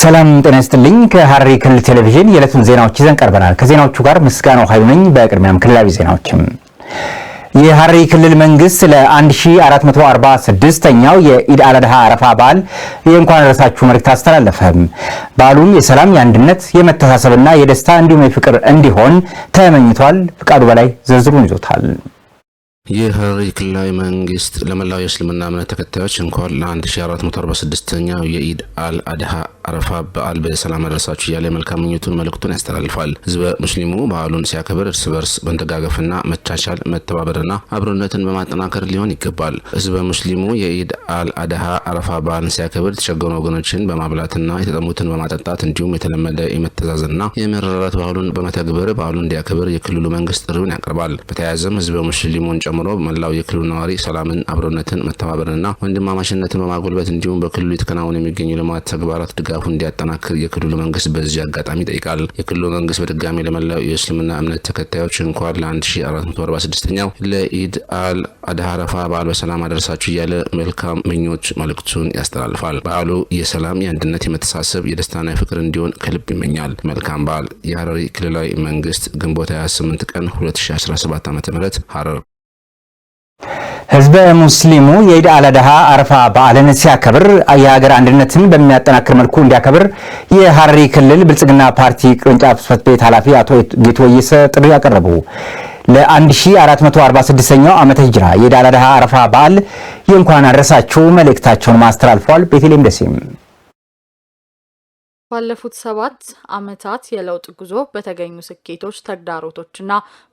ሰላም ጤና ይስጥልኝ። ከሐረሪ ክልል ቴሌቪዥን የዕለቱን ዜናዎች ይዘን ቀርበናል። ከዜናዎቹ ጋር ምስጋናው ኃይሉ ነኝ። በቅድሚያም ክልላዊ ዜናዎችም የሐረሪ ክልል መንግስት ለ1446ኛው የኢድ አልአድሃ አረፋ በዓል የእንኳን አደረሳችሁ መልእክት አስተላለፈ። በዓሉም የሰላም የአንድነት፣ የመተሳሰብና የደስታ እንዲሁም የፍቅር እንዲሆን ተመኝቷል። ፍቃዱ በላይ ዝርዝሩን ይዞታል። የሐረሪ ክልላዊ መንግስት ለመላው የእስልምና እምነት ተከታዮች እንኳን ለ1446ኛው የኢድ አል አድሃ አረፋ በዓል በሰላም አደረሳችሁ እያለ መልካም ምኞቱን መልእክቱን ያስተላልፋል። ህዝበ ሙስሊሙ በዓሉን ሲያከብር እርስ በርስ መደጋገፍና መቻቻል መተባበርና አብሮነትን በማጠናከር ሊሆን ይገባል። ህዝበ ሙስሊሙ የኢድ አል አድሃ አረፋ በዓልን ሲያከብር የተቸገኑ ወገኖችን በማብላትና የተጠሙትን በማጠጣት እንዲሁም የተለመደ የመተዛዘንና የመረራት ባህሉን በመተግበር በዓሉን እንዲያከብር የክልሉ መንግስት ጥሪውን ያቀርባል። በተያያዘም ህዝበ ሙስሊሙን ጨምሮ መላው የክልሉ ነዋሪ ሰላምን፣ አብሮነትን፣ መተባበርንና ወንድማማችነትን በማጎልበት እንዲሁም በክልሉ የተከናወኑ የሚገኙ ልማት ተግባራት ድጋፉ እንዲያጠናክር የክልሉ መንግስት በዚህ አጋጣሚ ይጠይቃል። የክልሉ መንግስት በድጋሚ ለመላው የእስልምና እምነት ተከታዮች እንኳን ለ1446ኛው ለኢድ አል አድሃ አረፋ በዓል በሰላም አደረሳችሁ እያለ መልካም ምኞች መልእክቱን ያስተላልፋል። በዓሉ የሰላም፣ የአንድነት፣ የመተሳሰብ፣ የደስታና የፍቅር እንዲሆን ከልብ ይመኛል። መልካም በዓል። የሐረሪ ክልላዊ መንግስት ግንቦት 28 ቀን 2017 ዓ ም ሐረር ህዝበ ሙስሊሙ የኢድ አልአድሃ አረፋ በዓልን ሲያከብር የሀገር አንድነትን በሚያጠናክር መልኩ እንዲያከብር የሐረሪ ክልል ብልጽግና ፓርቲ ቅርንጫፍ ጽሕፈት ቤት ኃላፊ አቶ ጌቱ ወይሰ ጥሪ አቀረቡ። ለ1446ኛው ዓመተ ሂጅራ የኢድ አልአድሃ አረፋ በዓል የእንኳን አድረሳችሁ መልእክታቸውን ማስተላልፏል። ቤተልሔም ደሴም ባለፉት ሰባት ዓመታት የለውጥ ጉዞ በተገኙ ስኬቶች፣ ተግዳሮቶችና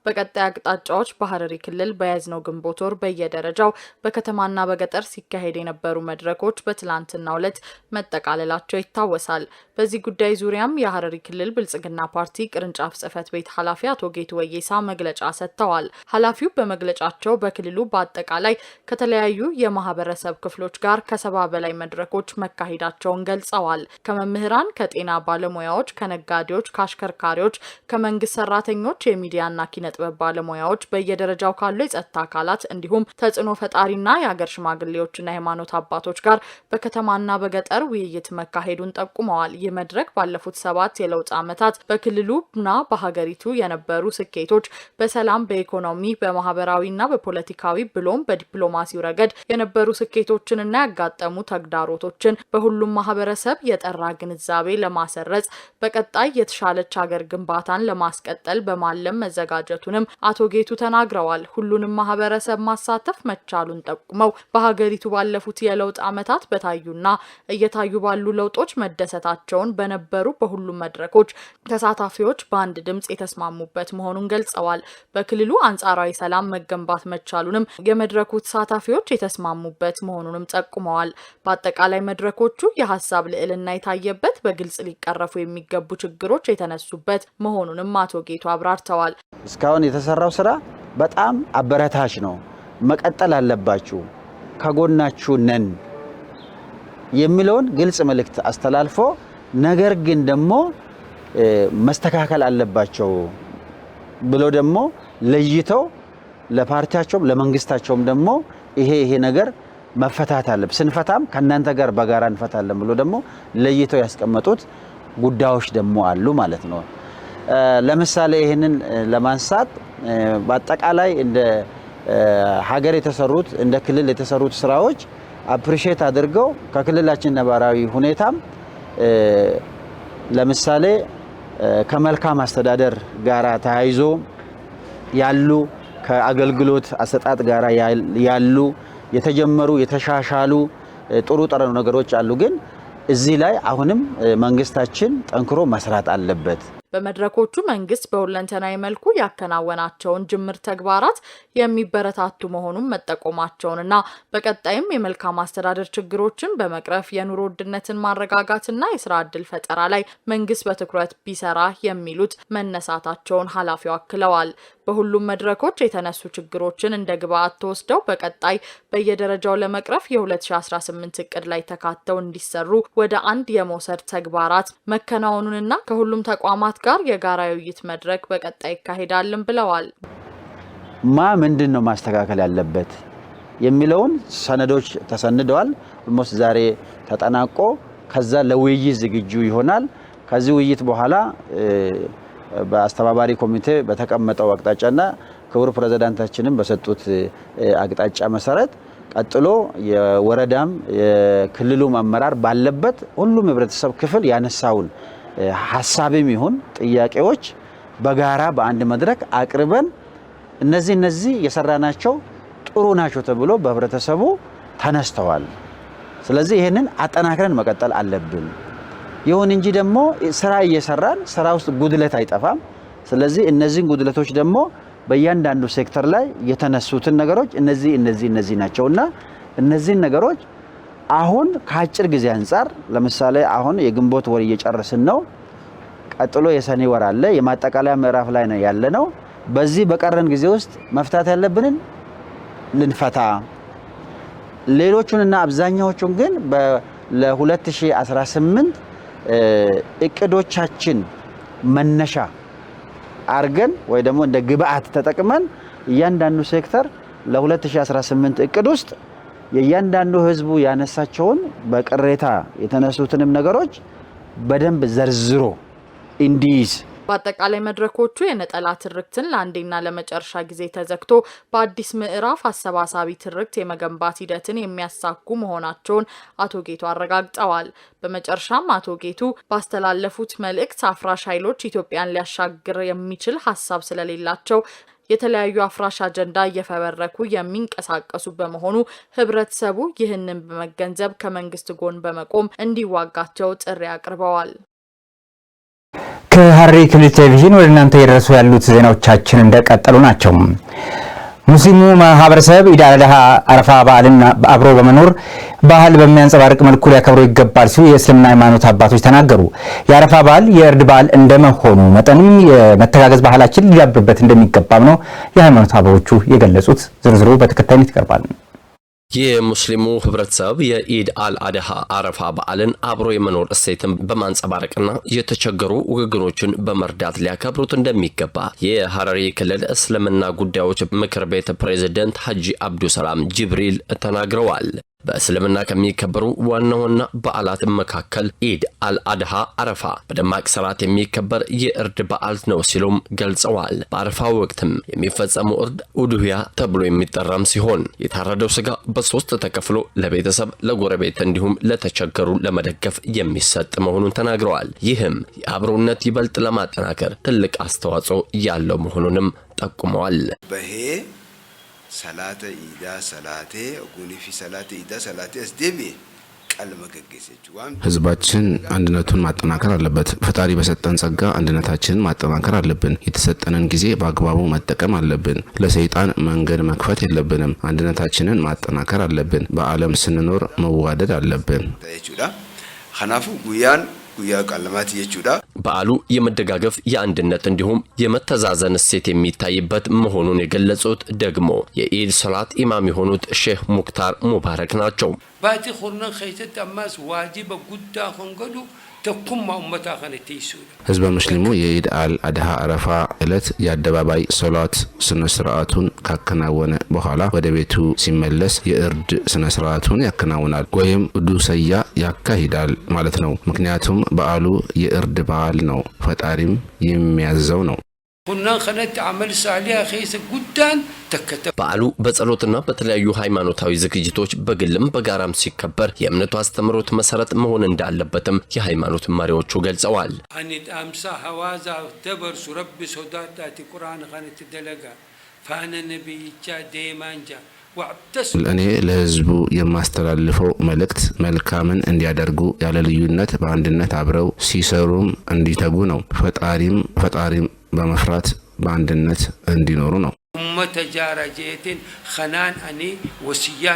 በቀጣይ አቅጣጫዎች በሐረሪ ክልል በያዝነው ግንቦት ወር በየደረጃው በከተማና በገጠር ሲካሄድ የነበሩ መድረኮች በትላንትናው ዕለት መጠቃለላቸው ይታወሳል። በዚህ ጉዳይ ዙሪያም የሀረሪ ክልል ብልጽግና ፓርቲ ቅርንጫፍ ጽህፈት ቤት ኃላፊ አቶ ጌቱ ወየሳ መግለጫ ሰጥተዋል። ኃላፊው በመግለጫቸው በክልሉ በአጠቃላይ ከተለያዩ የማህበረሰብ ክፍሎች ጋር ከሰባ በላይ መድረኮች መካሄዳቸውን ገልጸዋል። ከመምህራን፣ ከጤና ባለሙያዎች፣ ከነጋዴዎች፣ ከአሽከርካሪዎች፣ ከመንግስት ሰራተኞች፣ የሚዲያና ኪነ ጥበብ ባለሙያዎች፣ በየደረጃው ካሉ የጸጥታ አካላት እንዲሁም ተጽዕኖ ፈጣሪና የሀገር ሽማግሌዎችና የሃይማኖት አባቶች ጋር በከተማና በገጠር ውይይት መካሄዱን ጠቁመዋል። ይህ መድረክ ባለፉት ሰባት የለውጥ ዓመታት በክልሉና በሀገሪቱ የነበሩ ስኬቶች በሰላም፣ በኢኮኖሚ፣ በማህበራዊና በፖለቲካዊ ብሎም በዲፕሎማሲው ረገድ የነበሩ ስኬቶችንና ያጋጠሙ ተግዳሮቶችን በሁሉም ማህበረሰብ የጠራ ግንዛቤ ለማሰረጽ በቀጣይ የተሻለች ሀገር ግንባታን ለማስቀጠል በማለም መዘጋጀቱ መበጀቱንም አቶ ጌቱ ተናግረዋል። ሁሉንም ማህበረሰብ ማሳተፍ መቻሉን ጠቁመው በሀገሪቱ ባለፉት የለውጥ ዓመታት በታዩና እየታዩ ባሉ ለውጦች መደሰታቸውን በነበሩ በሁሉም መድረኮች ተሳታፊዎች በአንድ ድምፅ የተስማሙበት መሆኑን ገልጸዋል። በክልሉ አንጻራዊ ሰላም መገንባት መቻሉንም የመድረኩ ተሳታፊዎች የተስማሙበት መሆኑንም ጠቁመዋል። በአጠቃላይ መድረኮቹ የሀሳብ ልዕልና የታየበት በግልጽ ሊቀረፉ የሚገቡ ችግሮች የተነሱበት መሆኑንም አቶ ጌቱ አብራርተዋል። እስካሁን የተሰራው ስራ በጣም አበረታች ነው። መቀጠል አለባችሁ፣ ከጎናችሁ ነን የሚለውን ግልጽ መልእክት አስተላልፎ ነገር ግን ደግሞ መስተካከል አለባቸው ብሎ ደግሞ ለይተው ለፓርቲያቸውም ለመንግስታቸውም ደግሞ ይሄ ይሄ ነገር መፈታት አለብ ስንፈታም ከእናንተ ጋር በጋራ እንፈታለን ብሎ ደግሞ ለይተው ያስቀመጡት ጉዳዮች ደግሞ አሉ ማለት ነው። ለምሳሌ ይህንን ለማንሳት በአጠቃላይ እንደ ሀገር የተሰሩት እንደ ክልል የተሰሩት ስራዎች አፕሪሼት አድርገው ከክልላችን ነባራዊ ሁኔታም ለምሳሌ ከመልካም አስተዳደር ጋራ ተያይዞ ያሉ ከአገልግሎት አሰጣጥ ጋራ ያሉ የተጀመሩ የተሻሻሉ ጥሩ ጥሩ ነገሮች አሉ። ግን እዚህ ላይ አሁንም መንግስታችን ጠንክሮ መስራት አለበት። በመድረኮቹ መንግስት በሁለንተናዊ መልኩ ያከናወናቸውን ጅምር ተግባራት የሚበረታቱ መሆኑን መጠቆማቸውንና በቀጣይም የመልካም አስተዳደር ችግሮችን በመቅረፍ የኑሮ ውድነትን ማረጋጋትና የስራ ዕድል ፈጠራ ላይ መንግስት በትኩረት ቢሰራ የሚሉት መነሳታቸውን ኃላፊው አክለዋል። በሁሉም መድረኮች የተነሱ ችግሮችን እንደ ግብአት ተወስደው በቀጣይ በየደረጃው ለመቅረፍ የ2018 እቅድ ላይ ተካተው እንዲሰሩ ወደ አንድ የመውሰድ ተግባራት መከናወኑንና ከሁሉም ተቋማት አካላት ጋር የጋራ ውይይት መድረክ በቀጣይ ይካሄዳልም ብለዋል። ማ ምንድን ነው ማስተካከል ያለበት የሚለውን ሰነዶች ተሰንደዋል። ኦልሞስት ዛሬ ተጠናቆ ከዛ ለውይይት ዝግጁ ይሆናል። ከዚህ ውይይት በኋላ በአስተባባሪ ኮሚቴ በተቀመጠው አቅጣጫና ክቡር ፕሬዝዳንታችንም በሰጡት አቅጣጫ መሰረት ቀጥሎ የወረዳም የክልሉም አመራር ባለበት ሁሉም ህብረተሰብ ክፍል ያነሳውን ሀሳብም ይሁን ጥያቄዎች በጋራ በአንድ መድረክ አቅርበን እነዚህ እነዚህ የሰራናቸው ጥሩ ናቸው ተብሎ በህብረተሰቡ ተነስተዋል። ስለዚህ ይህንን አጠናክረን መቀጠል አለብን። ይሁን እንጂ ደግሞ ስራ እየሰራን ስራ ውስጥ ጉድለት አይጠፋም። ስለዚህ እነዚህን ጉድለቶች ደግሞ በእያንዳንዱ ሴክተር ላይ የተነሱትን ነገሮች እነዚህ እነዚህ እነዚህ ናቸውና እነዚህን ነገሮች አሁን ከአጭር ጊዜ አንጻር ለምሳሌ አሁን የግንቦት ወር እየጨረስን ነው። ቀጥሎ የሰኔ ወር አለ። የማጠቃለያ ምዕራፍ ላይ ነው ያለ ነው። በዚህ በቀረን ጊዜ ውስጥ መፍታት ያለብንን ልንፈታ፣ ሌሎቹንና አብዛኛዎቹን ግን ለ2018 እቅዶቻችን መነሻ አርገን ወይ ደግሞ እንደ ግብአት ተጠቅመን እያንዳንዱ ሴክተር ለ2018 እቅድ ውስጥ የእያንዳንዱ ህዝቡ ያነሳቸውን በቅሬታ የተነሱትንም ነገሮች በደንብ ዘርዝሮ እንዲይዝ በአጠቃላይ መድረኮቹ የነጠላ ትርክትን ለአንዴና ለመጨረሻ ጊዜ ተዘግቶ በአዲስ ምዕራፍ አሰባሳቢ ትርክት የመገንባት ሂደትን የሚያሳኩ መሆናቸውን አቶ ጌቱ አረጋግጠዋል። በመጨረሻም አቶ ጌቱ ባስተላለፉት መልእክት አፍራሽ ኃይሎች ኢትዮጵያን ሊያሻግር የሚችል ሀሳብ ስለሌላቸው የተለያዩ አፍራሽ አጀንዳ እየፈበረኩ የሚንቀሳቀሱ በመሆኑ ህብረተሰቡ ይህንን በመገንዘብ ከመንግስት ጎን በመቆም እንዲዋጋቸው ጥሪ አቅርበዋል። ከሐረሪ ክልል ቴሌቪዥን ወደ እናንተ የደረሱ ያሉት ዜናዎቻችን እንደቀጠሉ ናቸው። ሙስሊሙ ማህበረሰብ ኢድ አል አድሃ አረፋ በዓልን አብሮ በመኖር ባህል በሚያንጸባርቅ መልኩ ሊያከብረው ይገባል ሲሉ የእስልምና ሃይማኖት አባቶች ተናገሩ። የአረፋ በዓል የእርድ በዓል እንደመሆኑ መጠንም የመተጋገዝ ባህላችን ሊዳብርበት እንደሚገባም ነው የሃይማኖት አባቶቹ የገለጹት። ዝርዝሩ በተከታይነት ይቀርባል። የሙስሊሙ ህብረተሰብ የኢድ አልአድሃ አረፋ በዓልን አብሮ የመኖር እሴትን በማንጸባረቅና የተቸገሩ ወገኖችን በመርዳት ሊያከብሩት እንደሚገባ የሐረሪ ክልል እስልምና ጉዳዮች ምክር ቤት ፕሬዝደንት ሐጂ አብዱ ሰላም ጅብሪል ተናግረዋል። በእስልምና ከሚከበሩ ዋና ዋና በዓላት መካከል ኢድ አልአድሃ አረፋ በደማቅ ስርዓት የሚከበር የእርድ በዓል ነው ሲሉም ገልጸዋል። በአረፋ ወቅትም የሚፈጸሙ እርድ ኡዱያ ተብሎ የሚጠራም ሲሆን የታረደው ስጋ በሶስት ተከፍሎ ለቤተሰብ፣ ለጎረቤት እንዲሁም ለተቸገሩ ለመደገፍ የሚሰጥ መሆኑን ተናግረዋል። ይህም የአብሮነት ይበልጥ ለማጠናከር ትልቅ አስተዋጽኦ ያለው መሆኑንም ጠቁመዋል። salaata iidaa salaatee oguuniifi salaata iidaa salaatee as ህዝባችን አንድነቱን ማጠናከር አለበት። ፈጣሪ በሰጠን ጸጋ አንድነታችንን ማጠናከር አለብን። የተሰጠንን ጊዜ በአግባቡ መጠቀም አለብን። ለሰይጣን መንገድ መክፈት የለብንም። አንድነታችንን ማጠናከር አለብን። በዓለም ስንኖር መዋደድ አለብን። guyyaa qaalamat jechuudha። በዓሉ የመደጋገፍ የአንድነት እንዲሁም የመተዛዘን እሴት የሚታይበት መሆኑን የገለጹት ደግሞ የኢድ ሰላት ኢማም የሆኑት ሼህ ሙክታር ሙባረክ ናቸው። ባቲ ሁርነ ኸይተት አማስ ዋጂበ ጉዳ ሆንገዱ ህዝበ ሙስሊሙ የኢድ አል አድሃ አረፋ ዕለት የአደባባይ ሶላት ስነ ስርዓቱን ካከናወነ በኋላ ወደ ቤቱ ሲመለስ የእርድ ስነ ስርዓቱን ያከናውናል ወይም ዱሰያ ያካሂዳል ማለት ነው። ምክንያቱም በዓሉ የእርድ በዓል ነው፣ ፈጣሪም የሚያዘው ነው። አመል በዓሉ በጸሎትና በተለያዩ ሃይማኖታዊ ዝግጅቶች በግልም በጋራም ሲከበር የእምነቱ አስተምሮት መሰረት መሆን እንዳለበትም የሃይማኖት መሪዎቹ ገልጸዋል። እኔ ለህዝቡ የማስተላልፈው መልእክት መልካምን እንዲያደርጉ ያለ ልዩነት በአንድነት አብረው ሲሰሩም እንዲተጉ ነው። ፈጣሪም ፈጣሪም በመፍራት በአንድነት እንዲኖሩ ነው። ኡመተ ከናን አኔ ወስያ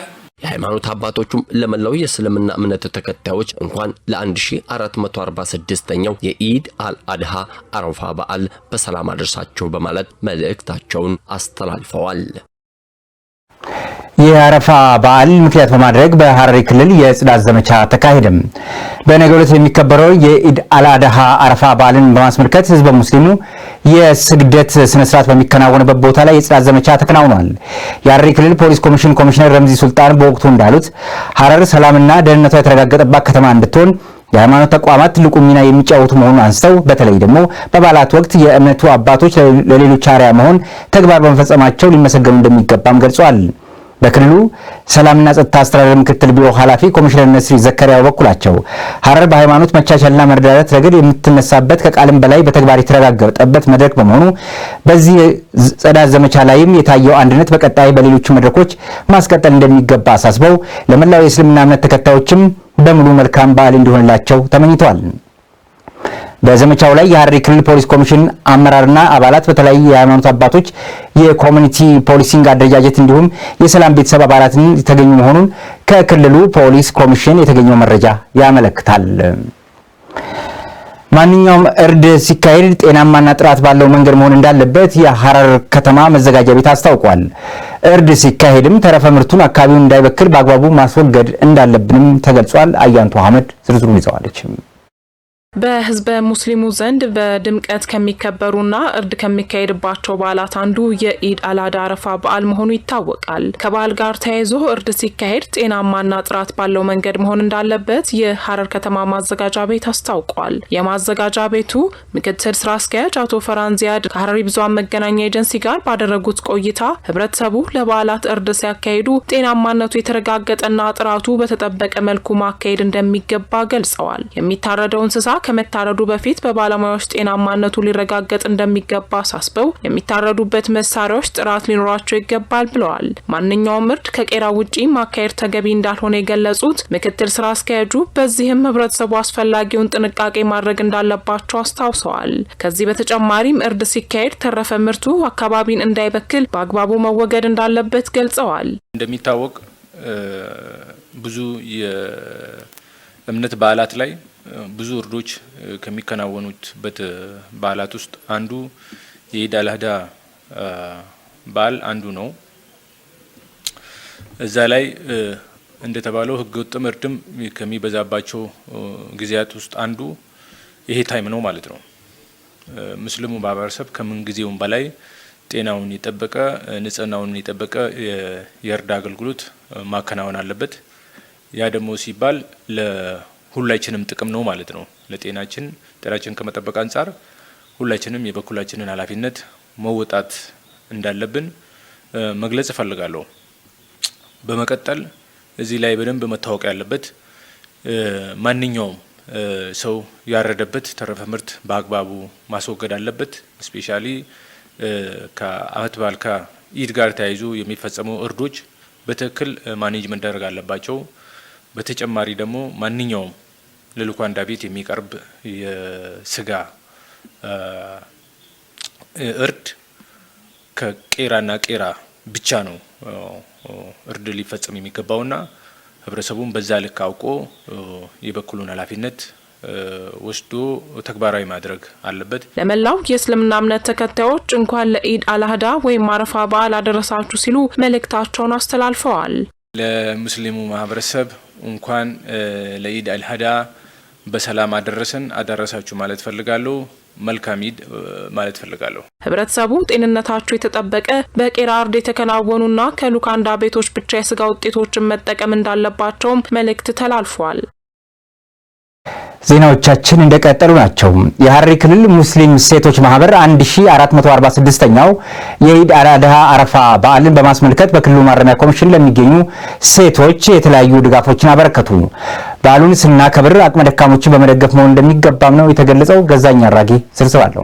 የሃይማኖት አባቶቹም ለመላው የእስልምና እምነት ተከታዮች እንኳን ለ1446ኛው የኢድ አልአድሃ አረፋ በዓል በሰላም አደርሳቸው በማለት መልእክታቸውን አስተላልፈዋል። የአረፋ በዓል ምክንያት በማድረግ በሐረሪ ክልል የጽዳት ዘመቻ ተካሄደም። በነገው ዕለት የሚከበረው የኢድ አልአድሃ አረፋ በዓልን በማስመልከት ህዝበ ሙስሊሙ የስግደት ስነስርዓት በሚከናወንበት ቦታ ላይ የጽዳት ዘመቻ ተከናውኗል። የሐረሪ ክልል ፖሊስ ኮሚሽን ኮሚሽነር ረምዚ ሱልጣን በወቅቱ እንዳሉት ሐረር ሰላምና ደህንነቷ የተረጋገጠባት ከተማ እንድትሆን የሃይማኖት ተቋማት ትልቁ ሚና የሚጫወቱ መሆኑን አንስተው በተለይ ደግሞ በበዓላት ወቅት የእምነቱ አባቶች ለሌሎች አርአያ መሆን ተግባር በመፈጸማቸው ሊመሰገኑ እንደሚገባም ገልጿል። በክልሉ ሰላምና ጸጥታ አስተዳደር ምክትል ቢሮ ኃላፊ ኮሚሽነር ነስሪ ዘከሪያ በበኩላቸው ሀረር በሃይማኖት መቻቻልና መረዳዳት ረገድ የምትነሳበት ከቃልም በላይ በተግባር የተረጋገጠበት መድረክ በመሆኑ በዚህ ጸዳት ዘመቻ ላይም የታየው አንድነት በቀጣይ በሌሎቹ መድረኮች ማስቀጠል እንደሚገባ አሳስበው ለመላው የእስልምና እምነት ተከታዮችም በሙሉ መልካም በዓል እንዲሆንላቸው ተመኝተዋል። በዘመቻው ላይ የሐረሪ ክልል ፖሊስ ኮሚሽን አመራርና አባላት በተለያዩ የሃይማኖት አባቶች የኮሚኒቲ ፖሊሲንግ አደረጃጀት እንዲሁም የሰላም ቤተሰብ አባላትን የተገኙ መሆኑን ከክልሉ ፖሊስ ኮሚሽን የተገኘው መረጃ ያመለክታል። ማንኛውም እርድ ሲካሄድ ጤናማና ጥራት ባለው መንገድ መሆን እንዳለበት የሐረር ከተማ መዘጋጃ ቤት አስታውቋል። እርድ ሲካሄድም ተረፈ ምርቱን አካባቢውን እንዳይበክል በአግባቡ ማስወገድ እንዳለብንም ተገልጿል። አያንቱ አህመድ ዝርዝሩን ይዘዋለች። በህዝበ ሙስሊሙ ዘንድ በድምቀት ከሚከበሩና እርድ ከሚካሄድባቸው በዓላት አንዱ የኢድ አላዳ አረፋ በዓል መሆኑ ይታወቃል። ከበዓል ጋር ተያይዞ እርድ ሲካሄድ ጤናማና ጥራት ባለው መንገድ መሆን እንዳለበት የሐረር ከተማ ማዘጋጃ ቤት አስታውቋል። የማዘጋጃ ቤቱ ምክትል ስራ አስኪያጅ አቶ ፈራን ዚያድ ከሐረሪ ብዙሃን መገናኛ ኤጀንሲ ጋር ባደረጉት ቆይታ ህብረተሰቡ ለበዓላት እርድ ሲያካሂዱ ጤናማነቱ የተረጋገጠና ጥራቱ በተጠበቀ መልኩ ማካሄድ እንደሚገባ ገልጸዋል። የሚታረደው እንስሳ ከመታረዱ በፊት በባለሙያዎች ጤናማነቱ ሊረጋገጥ እንደሚገባ አሳስበው የሚታረዱበት መሳሪያዎች ጥራት ሊኖራቸው ይገባል ብለዋል። ማንኛውም እርድ ከቄራ ውጪ ማካሄድ ተገቢ እንዳልሆነ የገለጹት ምክትል ስራ አስኪያጁ በዚህም ህብረተሰቡ አስፈላጊውን ጥንቃቄ ማድረግ እንዳለባቸው አስታውሰዋል። ከዚህ በተጨማሪም እርድ ሲካሄድ ተረፈ ምርቱ አካባቢን እንዳይበክል በአግባቡ መወገድ እንዳለበት ገልጸዋል። እንደሚታወቅ ብዙ የእምነት በዓላት ላይ ብዙ እርዶች ከሚከናወኑትበት በዓላት ውስጥ አንዱ የኢድ አል አድሃ በዓል አንዱ ነው። እዛ ላይ እንደተባለው ህገወጥም እርድም ከሚበዛባቸው ጊዜያት ውስጥ አንዱ ይሄ ታይም ነው ማለት ነው። ሙስሊሙ ማህበረሰብ ከምን ጊዜውም በላይ ጤናውን የጠበቀ ንጽህናውን የጠበቀ የእርድ አገልግሎት ማከናወን አለበት። ያ ደግሞ ሲባል ሁላችንም ጥቅም ነው ማለት ነው። ለጤናችን ጤናችን ከመጠበቅ አንጻር ሁላችንም የበኩላችንን ኃላፊነት መወጣት እንዳለብን መግለጽ እፈልጋለሁ። በመቀጠል እዚህ ላይ በደንብ መታወቅ ያለበት ማንኛውም ሰው ያረደበት ተረፈ ምርት በአግባቡ ማስወገድ አለበት። እስፔሻሊ ከአመት በዓል ከኢድ ጋር ተያይዞ የሚፈጸመው እርዶች በትክክል ማኔጅ መደረግ አለባቸው። በተጨማሪ ደግሞ ማንኛውም ለልኳንዳ ቤት የሚቀርብ የስጋ እርድ ከቄራና ቄራ ብቻ ነው እርድ ሊፈጸም የሚገባውና ህብረተሰቡን በዛ ልክ አውቆ የበኩሉን ኃላፊነት ወስዶ ተግባራዊ ማድረግ አለበት። ለመላው የእስልምና እምነት ተከታዮች እንኳን ለኢድ አልአድሃ ወይም አረፋ በዓል አደረሳችሁ ሲሉ መልእክታቸውን አስተላልፈዋል። ለሙስሊሙ ማህበረሰብ እንኳን ለኢድ አልሀዳ በሰላም አደረሰን አደረሳችሁ ማለት ፈልጋለሁ። መልካም ኢድ ማለት ፈልጋለሁ። ህብረተሰቡ ጤንነታቸው የተጠበቀ በቄራ አርድ የተከናወኑና ከሉካንዳ ቤቶች ብቻ የስጋ ውጤቶችን መጠቀም እንዳለባቸውም መልእክት ተላልፏል። ዜናዎቻችን እንደቀጠሉ ናቸው። የሐረሪ ክልል ሙስሊም ሴቶች ማህበር 1446ኛው የኢድ አልአድሃ አረፋ በዓልን በማስመልከት በክልሉ ማረሚያ ኮሚሽን ለሚገኙ ሴቶች የተለያዩ ድጋፎችን አበረከቱ። በዓሉን ስናከብር አቅመ ደካሞችን በመደገፍ መሆን እንደሚገባም ነው የተገለጸው። ገዛኛ አራጌ ስብስባለሁ። አለው።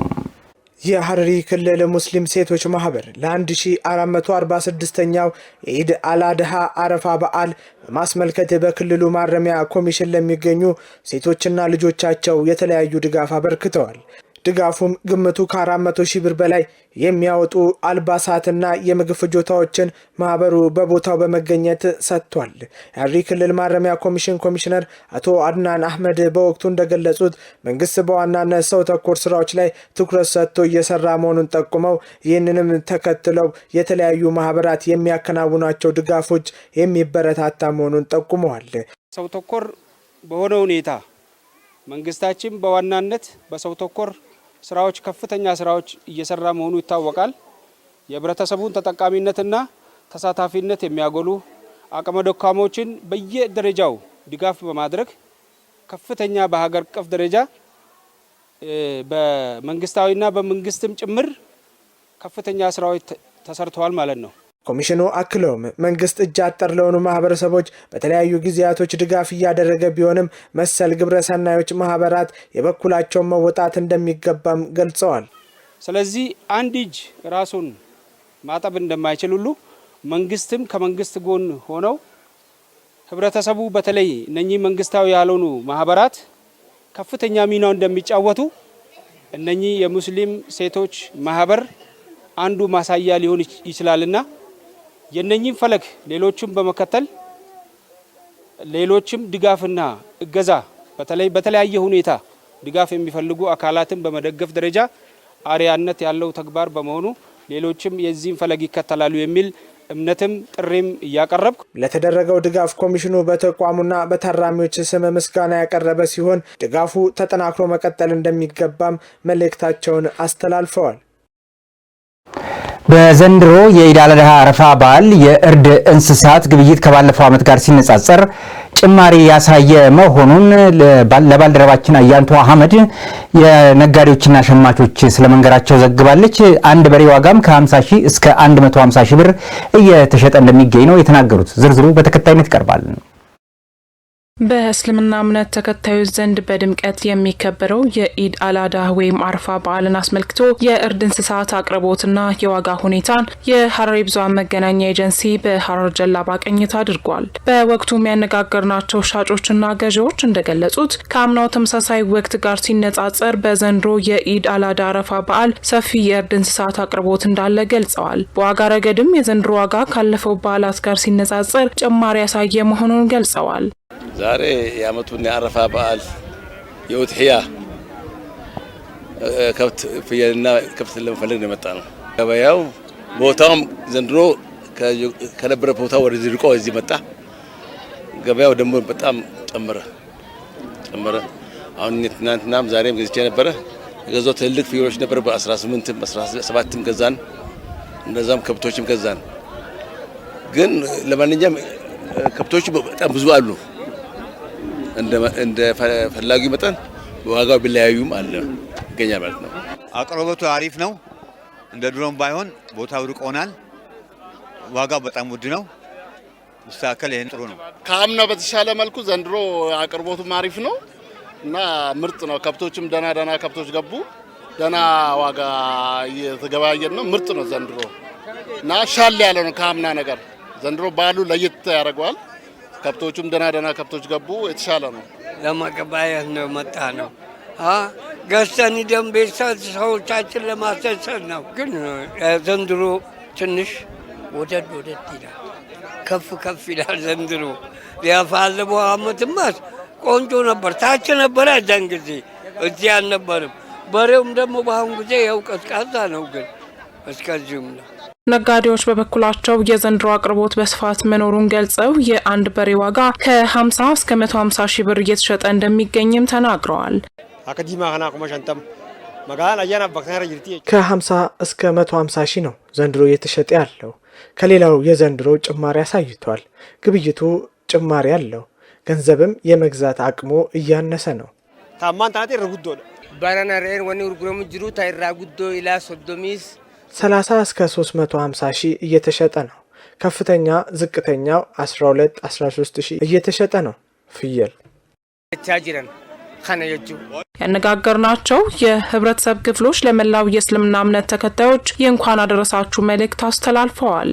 የሐረሪ ክልል ሙስሊም ሴቶች ማህበር ለ1446ኛው ኢድ አላድሃ አረፋ በዓል በማስመልከት በክልሉ ማረሚያ ኮሚሽን ለሚገኙ ሴቶችና ልጆቻቸው የተለያዩ ድጋፍ አበርክተዋል። ድጋፉም ግምቱ ከ400 ሺህ ብር በላይ የሚያወጡ አልባሳትና የምግብ ፍጆታዎችን ማህበሩ በቦታው በመገኘት ሰጥቷል። የሐረሪ ክልል ማረሚያ ኮሚሽን ኮሚሽነር አቶ አድናን አህመድ በወቅቱ እንደገለጹት መንግስት በዋናነት ሰው ተኮር ስራዎች ላይ ትኩረት ሰጥቶ እየሰራ መሆኑን ጠቁመው ይህንንም ተከትለው የተለያዩ ማህበራት የሚያከናውኗቸው ድጋፎች የሚበረታታ መሆኑን ጠቁመዋል። ሰው ተኮር በሆነ ሁኔታ መንግስታችን በዋናነት በሰው ተኮር ስራዎች ከፍተኛ ስራዎች እየሰራ መሆኑ ይታወቃል። የህብረተሰቡን ተጠቃሚነትና ተሳታፊነት የሚያጎሉ አቅመ ደካሞችን በየደረጃው ድጋፍ በማድረግ ከፍተኛ በሀገር አቀፍ ደረጃ በመንግስታዊና በመንግስትም ጭምር ከፍተኛ ስራዎች ተሰርተዋል ማለት ነው። ኮሚሽኑ አክለውም መንግስት እጅ አጠር ለሆኑ ማህበረሰቦች በተለያዩ ጊዜያቶች ድጋፍ እያደረገ ቢሆንም መሰል ግብረ ሰናዮች ማህበራት የበኩላቸውን መወጣት እንደሚገባም ገልጸዋል። ስለዚህ አንድ እጅ ራሱን ማጠብ እንደማይችል ሁሉ መንግስትም ከመንግስት ጎን ሆነው ህብረተሰቡ በተለይ እነኚህ መንግስታዊ ያልሆኑ ማህበራት ከፍተኛ ሚናው እንደሚጫወቱ እነኚህ የሙስሊም ሴቶች ማህበር አንዱ ማሳያ ሊሆን ይችላልና የነኚህን ፈለግ ሌሎችም በመከተል ሌሎችም ድጋፍና እገዛ በተለይ በተለያየ ሁኔታ ድጋፍ የሚፈልጉ አካላትን በመደገፍ ደረጃ አሪያነት ያለው ተግባር በመሆኑ ሌሎችም የዚህን ፈለግ ይከተላሉ የሚል እምነትም ጥሪም እያቀረብኩ ለተደረገው ድጋፍ ኮሚሽኑ በተቋሙና በታራሚዎች ስም ምስጋና ያቀረበ ሲሆን ድጋፉ ተጠናክሮ መቀጠል እንደሚገባም መልእክታቸውን አስተላልፈዋል። በዘንድሮ የኢድ አል አድሃ አረፋ በዓል የእርድ እንስሳት ግብይት ከባለፈው ዓመት ጋር ሲነጻጸር ጭማሪ ያሳየ መሆኑን ለባልደረባችን አያንቱ አህመድ የነጋዴዎችና ሸማቾች ስለመንገራቸው ዘግባለች። አንድ በሬ ዋጋም ከ50 ሺህ እስከ 150 ሺህ ብር እየተሸጠ እንደሚገኝ ነው የተናገሩት። ዝርዝሩ በተከታይነት ይቀርባል። በእስልምና እምነት ተከታዮች ዘንድ በድምቀት የሚከበረው የኢድ አላዳ ወይም አርፋ በዓልን አስመልክቶ የእርድ እንስሳት አቅርቦትና የዋጋ ሁኔታን የሐረሪ ብዙኃን መገናኛ ኤጀንሲ በሐረር ጀላባ ቅኝት አድርጓል። በወቅቱም ያነጋገርናቸው ሻጮችና ገዢዎች እንደገለጹት ከአምናው ተመሳሳይ ወቅት ጋር ሲነጻጸር በዘንድሮ የኢድ አላዳ አረፋ በዓል ሰፊ የእርድ እንስሳት አቅርቦት እንዳለ ገልጸዋል። በዋጋ ረገድም የዘንድሮ ዋጋ ካለፈው በዓላት ጋር ሲነጻጸር ጭማሪ ያሳየ መሆኑን ገልጸዋል። ዛሬ የአመቱን የአረፋ በዓል የውትሕያ ከብት ፍየልና ከብት ለመፈለግ የመጣ ነው። ገበያው ቦታውም ዘንድሮ ከነበረ ቦታ ወደ ርቆ እዚህ መጣ። ገበያው ደግሞ በጣም ጨመረ ጨመረ። አሁን ትናንትናም ዛሬም ገዝቼ ነበረ። የገዛው ትልልቅ ፍየሎች ነበር በ18 17 ገዛን፣ እንደዛም ከብቶችም ገዛን። ግን ለማንኛውም ከብቶች በጣም ብዙ አሉ። እንደ ፈላጊው መጠን በዋጋው ቢለያዩም አለ ይገኛል ማለት ነው። አቅርቦቱ አሪፍ ነው። እንደ ድሮም ባይሆን ቦታው ርቆናል። ዋጋው በጣም ውድ ነው። መስተካከል ይህን ጥሩ ነው። ከአምና በተሻለ መልኩ ዘንድሮ አቅርቦቱም አሪፍ ነው እና ምርጥ ነው። ከብቶችም ደና ደና ከብቶች ገቡ። ደና ዋጋ እየተገበያየን ነው። ምርጥ ነው ዘንድሮ እና ሻል ያለ ነው ከአምና ነገር ዘንድሮ ባሉ ለየት ያደርገዋል። ከብቶቹም ደና ደና ከብቶች ገቡ። የተሻለ ነው። ለመቀባየት ነው መጣ ነው ገዝተን ደም ቤተሰብ ሰዎቻችን ለማስደሰት ነው። ግን ዘንድሮ ትንሽ ወደድ ወደድ ይላል፣ ከፍ ከፍ ይላል። ዘንድሮ ሊያፋልበው አመትማስ ቆንጆ ነበር። ታች ነበረ እዛን ጊዜ እዚህ አልነበርም። በሬውም ደግሞ በአሁን ጊዜ ያው ቀዝቃዛ ነው፣ ግን እስከዚሁም ነው። ነጋዴዎች በበኩላቸው የዘንድሮ አቅርቦት በስፋት መኖሩን ገልጸው የአንድ በሬ ዋጋ ከ50 እስከ 150 ሺህ ብር እየተሸጠ እንደሚገኝም ተናግረዋል። ከ50 እስከ 150 ሺህ ነው ዘንድሮ እየተሸጠ ያለው። ከሌላው የዘንድሮ ጭማሪ አሳይቷል። ግብይቱ ጭማሪ አለው። ገንዘብም የመግዛት አቅሙ እያነሰ ነው። ታማን ታቴ ርጉዶ ወኒ ርጉረም ጅሩ ታይራ ጉዶ ኢላ ሶዶሚስ 30 እስከ 350 ሺህ እየተሸጠ ነው። ከፍተኛ ዝቅተኛው 12 13 ሺህ እየተሸጠ ነው። ፍየል ያነጋገርናቸው የህብረተሰብ ክፍሎች ለመላው የእስልምና እምነት ተከታዮች የእንኳን አደረሳችሁ መልእክት አስተላልፈዋል።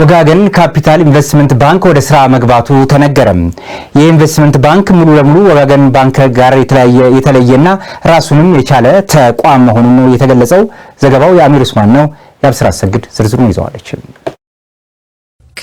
ወጋገን ካፒታል ኢንቨስትመንት ባንክ ወደ ስራ መግባቱ ተነገረም። የኢንቨስትመንት ባንክ ሙሉ ለሙሉ ወጋገን ባንክ ጋር የተለየና ራሱንም የቻለ ተቋም መሆኑን ነው የተገለጸው። ዘገባው የአሚር ኡስማን ነው። የአብስራ አሰግድ ዝርዝሩን ይዘዋለች።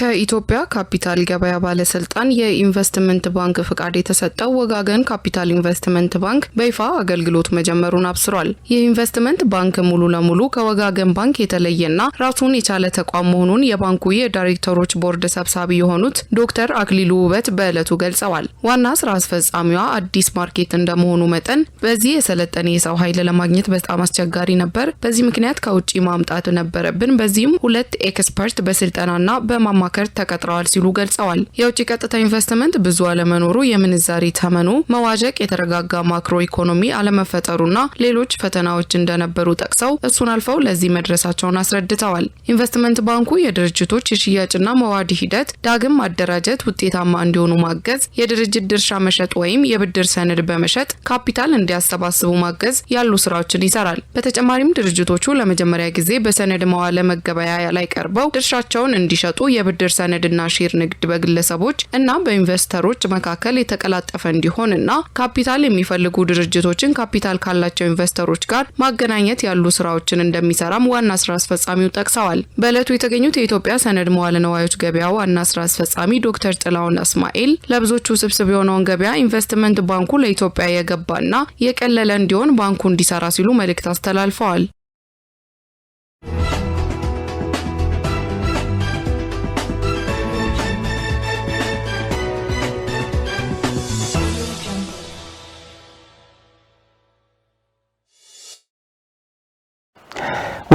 ከኢትዮጵያ ካፒታል ገበያ ባለስልጣን የኢንቨስትመንት ባንክ ፍቃድ የተሰጠው ወጋገን ካፒታል ኢንቨስትመንት ባንክ በይፋ አገልግሎት መጀመሩን አብስሯል። የኢንቨስትመንት ባንክ ሙሉ ለሙሉ ከወጋገን ባንክ የተለየና ራሱን የቻለ ተቋም መሆኑን የባንኩ የዳይሬክተሮች ቦርድ ሰብሳቢ የሆኑት ዶክተር አክሊሉ ውበት በዕለቱ ገልጸዋል። ዋና ስራ አስፈጻሚዋ አዲስ ማርኬት እንደመሆኑ መጠን በዚህ የሰለጠነ የሰው ኃይል ለማግኘት በጣም አስቸጋሪ ነበር። በዚህ ምክንያት ከውጭ ማምጣት ነበረብን። በዚህም ሁለት ኤክስፐርት በስልጠናና በማማ ለማማከር ተቀጥረዋል ሲሉ ገልጸዋል። የውጭ ቀጥታ ኢንቨስትመንት ብዙ አለመኖሩ፣ የምንዛሪ ተመኑ መዋዠቅ፣ የተረጋጋ ማክሮ ኢኮኖሚ አለመፈጠሩና ሌሎች ፈተናዎች እንደነበሩ ጠቅሰው እሱን አልፈው ለዚህ መድረሳቸውን አስረድተዋል። ኢንቨስትመንት ባንኩ የድርጅቶች የሽያጭና መዋድ ሂደት ዳግም ማደራጀት ውጤታማ እንዲሆኑ ማገዝ፣ የድርጅት ድርሻ መሸጥ ወይም የብድር ሰነድ በመሸጥ ካፒታል እንዲያሰባስቡ ማገዝ ያሉ ስራዎችን ይሰራል። በተጨማሪም ድርጅቶቹ ለመጀመሪያ ጊዜ በሰነድ መዋለ መገበያያ ላይ ቀርበው ድርሻቸውን እንዲሸጡ የብድር ሰነድና ሼር ንግድ በግለሰቦች እና በኢንቨስተሮች መካከል የተቀላጠፈ እንዲሆን እና ካፒታል የሚፈልጉ ድርጅቶችን ካፒታል ካላቸው ኢንቨስተሮች ጋር ማገናኘት ያሉ ስራዎችን እንደሚሰራም ዋና ስራ አስፈጻሚው ጠቅሰዋል። በእለቱ የተገኙት የኢትዮጵያ ሰነድ መዋለ ነዋዮች ገበያ ዋና ስራ አስፈጻሚ ዶክተር ጥላውን እስማኤል ለብዙዎቹ ውስብስብ የሆነውን ገበያ ኢንቨስትመንት ባንኩ ለኢትዮጵያ የገባና የቀለለ እንዲሆን ባንኩ እንዲሰራ ሲሉ መልእክት አስተላልፈዋል።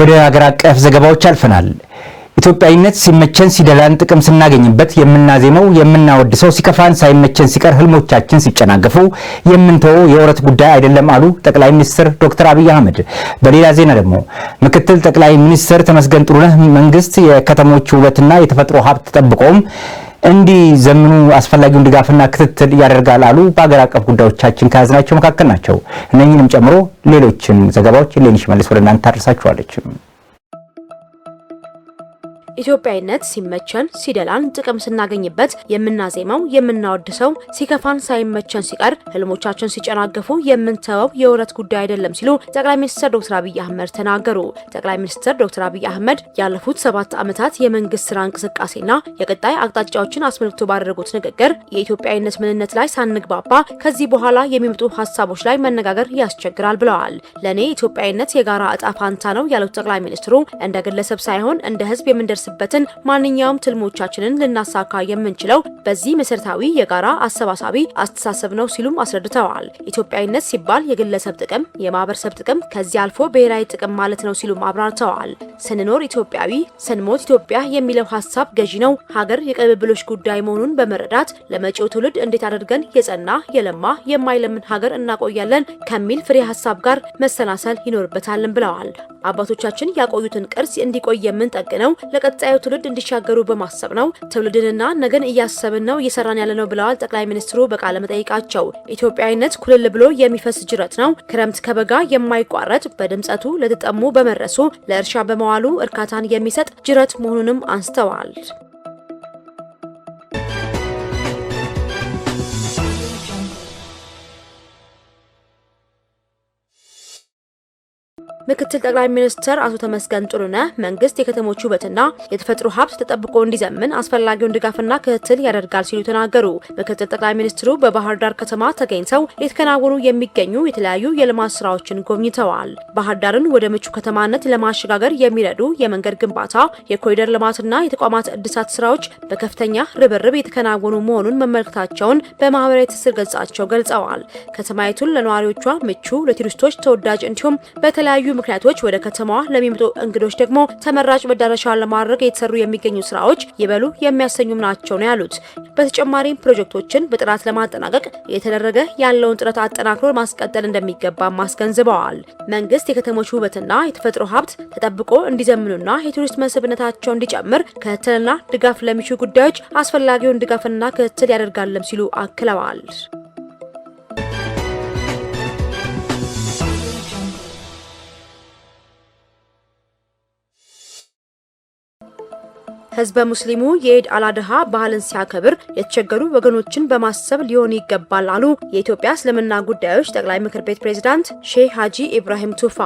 ወደ አገር አቀፍ ዘገባዎች አልፈናል። ኢትዮጵያዊነት ሲመቸን ሲደላን ጥቅም ስናገኝበት የምናዜመው የምናወድሰው፣ ሲከፋን ሳይመቸን ሲቀር ህልሞቻችን ሲጨናገፉ የምንተወው የወረት ጉዳይ አይደለም አሉ ጠቅላይ ሚኒስትር ዶክተር አብይ አህመድ። በሌላ ዜና ደግሞ ምክትል ጠቅላይ ሚኒስትር ተመስገን ጥሩነህ መንግስት የከተሞች ውበትና የተፈጥሮ ሀብት ጠብቆም እንዲህ ዘመኑ አስፈላጊውን ድጋፍና ክትትል ያደርጋል አሉ በሀገር አቀፍ ጉዳዮቻችን ከያዝናቸው መካከል ናቸው። እነኚህንም ጨምሮ ሌሎችን ዘገባዎች ሌሊሽ መልስ ወደ እናንተ ታደርሳችኋለች። ኢትዮጵያዊነት ሲመቸን ሲደላን ጥቅም ስናገኝበት የምናዜመው የምናወድሰው ሲከፋን ሳይመቸን ሲቀር ህልሞቻችን ሲጨናገፉ የምንተወው የውረት ጉዳይ አይደለም ሲሉ ጠቅላይ ሚኒስትር ዶክተር አብይ አህመድ ተናገሩ። ጠቅላይ ሚኒስትር ዶክተር አብይ አህመድ ያለፉት ሰባት ዓመታት የመንግስት ስራ እንቅስቃሴና የቀጣይ አቅጣጫዎችን አስመልክቶ ባደረጉት ንግግር የኢትዮጵያዊነት ምንነት ላይ ሳንግባባ ከዚህ በኋላ የሚመጡ ሀሳቦች ላይ መነጋገር ያስቸግራል ብለዋል። ለእኔ ኢትዮጵያዊነት የጋራ እጣ ፋንታ ነው ያሉት ጠቅላይ ሚኒስትሩ እንደ ግለሰብ ሳይሆን እንደ ህዝብ የምንደርስ የምንደርስበትን ማንኛውም ትልሞቻችንን ልናሳካ የምንችለው በዚህ መሰረታዊ የጋራ አሰባሳቢ አስተሳሰብ ነው ሲሉም አስረድተዋል። ኢትዮጵያዊነት ሲባል የግለሰብ ጥቅም፣ የማህበረሰብ ጥቅም ከዚህ አልፎ ብሔራዊ ጥቅም ማለት ነው ሲሉም አብራርተዋል። ስንኖር ኢትዮጵያዊ ስንሞት ኢትዮጵያ የሚለው ሀሳብ ገዢ ነው። ሀገር የቅብብሎች ጉዳይ መሆኑን በመረዳት ለመጪው ትውልድ እንዴት አድርገን የጸና የለማ የማይለምን ሀገር እናቆያለን ከሚል ፍሬ ሀሳብ ጋር መሰናሰል ይኖርበታልን ብለዋል። አባቶቻችን ያቆዩትን ቅርስ እንዲቆይ የምንጠግነው ለቀ ቀጣዩ ትውልድ እንዲሻገሩ በማሰብ ነው። ትውልድንና ነገን እያሰብን ነው እየሰራን ያለ ነው ብለዋል ጠቅላይ ሚኒስትሩ በቃለ መጠይቃቸው። ኢትዮጵያዊነት ኩልል ብሎ የሚፈስ ጅረት ነው። ክረምት ከበጋ የማይቋረጥ በድምጸቱ ለተጠሙ በመረሱ ለእርሻ በመዋሉ እርካታን የሚሰጥ ጅረት መሆኑንም አንስተዋል። ምክትል ጠቅላይ ሚኒስትር አቶ ተመስገን ጥሩነህ መንግስት የከተሞች ውበትና የተፈጥሮ ሀብት ተጠብቆ እንዲዘምን አስፈላጊውን ድጋፍና ክትትል ያደርጋል ሲሉ ተናገሩ። ምክትል ጠቅላይ ሚኒስትሩ በባህር ዳር ከተማ ተገኝተው የተከናወኑ የሚገኙ የተለያዩ የልማት ስራዎችን ጎብኝተዋል። ባህር ዳርን ወደ ምቹ ከተማነት ለማሸጋገር የሚረዱ የመንገድ ግንባታ፣ የኮሪደር ልማትና የተቋማት እድሳት ስራዎች በከፍተኛ ርብርብ የተከናወኑ መሆኑን መመልከታቸውን በማህበራዊ ትስስር ገጻቸው ገልጸዋል። ከተማይቱን ለነዋሪዎቿ ምቹ፣ ለቱሪስቶች ተወዳጅ እንዲሁም በተለያዩ ምክንያቶች ወደ ከተማዋ ለሚመጡ እንግዶች ደግሞ ተመራጭ መዳረሻ ለማድረግ የተሰሩ የሚገኙ ስራዎች ይበሉ የሚያሰኙም ናቸው ነው ያሉት። በተጨማሪም ፕሮጀክቶችን በጥራት ለማጠናቀቅ የተደረገ ያለውን ጥረት አጠናክሮ ማስቀጠል እንደሚገባም አስገንዝበዋል። መንግስት የከተሞች ውበትና የተፈጥሮ ሀብት ተጠብቆ እንዲዘምኑና የቱሪስት መስህብነታቸው እንዲጨምር ክትትልና ድጋፍ ለሚሹ ጉዳዮች አስፈላጊውን ድጋፍና ክትትል ያደርጋለም ሲሉ አክለዋል። ህዝበ ሙስሊሙ የኢድ አላድሃ ባህልን ሲያከብር የተቸገሩ ወገኖችን በማሰብ ሊሆን ይገባል አሉ የኢትዮጵያ እስልምና ጉዳዮች ጠቅላይ ምክር ቤት ፕሬዝዳንት ሼህ ሀጂ ኢብራሂም ቱፋ።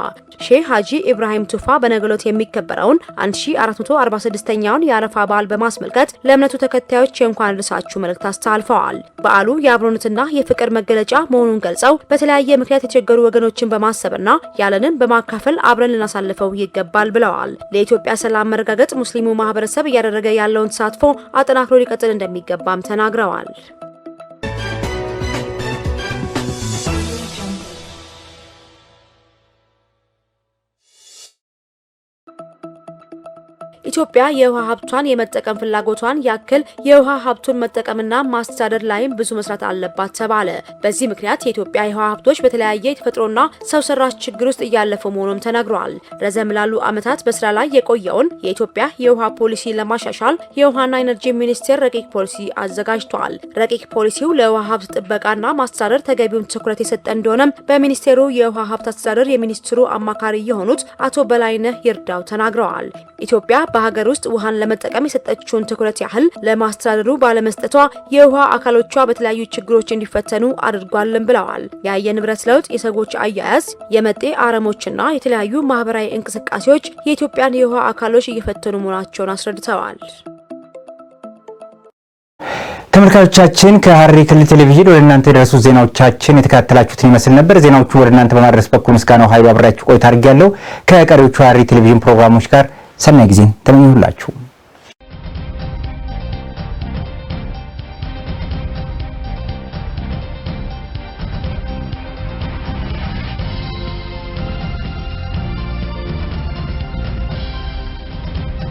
ሼህ ሀጂ ኢብራሂም ቱፋ በነገሎት የሚከበረውን 1446ኛውን የአረፋ በዓል በማስመልከት ለእምነቱ ተከታዮች የእንኳን አደረሳችሁ መልእክት አስተላልፈዋል። በዓሉ የአብሮነትና የፍቅር መገለጫ መሆኑን ገልጸው በተለያየ ምክንያት የተቸገሩ ወገኖችን በማሰብና ያለንን በማካፈል አብረን ልናሳልፈው ይገባል ብለዋል። ለኢትዮጵያ ሰላም መረጋገጥ ሙስሊሙ ማህበረሰብ እያደረገ ያለውን ተሳትፎ አጠናክሮ ሊቀጥል እንደሚገባም ተናግረዋል። ኢትዮጵያ የውሃ ሀብቷን የመጠቀም ፍላጎቷን ያክል የውሃ ሀብቱን መጠቀምና ማስተዳደር ላይም ብዙ መስራት አለባት ተባለ። በዚህ ምክንያት የኢትዮጵያ የውሃ ሀብቶች በተለያየ የተፈጥሮና ሰው ሰራሽ ችግር ውስጥ እያለፉ መሆኑም ተነግሯል። ረዘም ላሉ ዓመታት በስራ ላይ የቆየውን የኢትዮጵያ የውሃ ፖሊሲ ለማሻሻል የውሃና ኤነርጂ ሚኒስቴር ረቂቅ ፖሊሲ አዘጋጅቷል። ረቂቅ ፖሊሲው ለውሃ ሀብት ጥበቃና ማስተዳደር ተገቢውን ትኩረት የሰጠ እንደሆነም በሚኒስቴሩ የውሃ ሀብት አስተዳደር የሚኒስትሩ አማካሪ የሆኑት አቶ በላይነህ ይርዳው ተናግረዋል። ኢትዮጵያ በሀገር ውስጥ ውሃን ለመጠቀም የሰጠችውን ትኩረት ያህል ለማስተዳደሩ ባለመስጠቷ የውሃ አካሎቿ በተለያዩ ችግሮች እንዲፈተኑ አድርጓልን ብለዋል። የአየር ንብረት ለውጥ፣ የሰዎች አያያዝ፣ የመጤ አረሞችና የተለያዩ ማህበራዊ እንቅስቃሴዎች የኢትዮጵያን የውሃ አካሎች እየፈተኑ መሆናቸውን አስረድተዋል። ተመልካቾቻችን ከሐረሪ ክልል ቴሌቪዥን ወደ እናንተ የደረሱ ዜናዎቻችን የተከታተላችሁትን ይመስል ነበር። ዜናዎቹ ወደ እናንተ በማድረስ በኩል ምስጋናው ኃይሉ አብሬያችሁ ቆይታ አድርጌያለሁ። ከቀሪዎቹ ሐረሪ ቴሌቪዥን ፕሮግራሞች ጋር ሰናይ ጊዜን ተመኘሁላችሁ።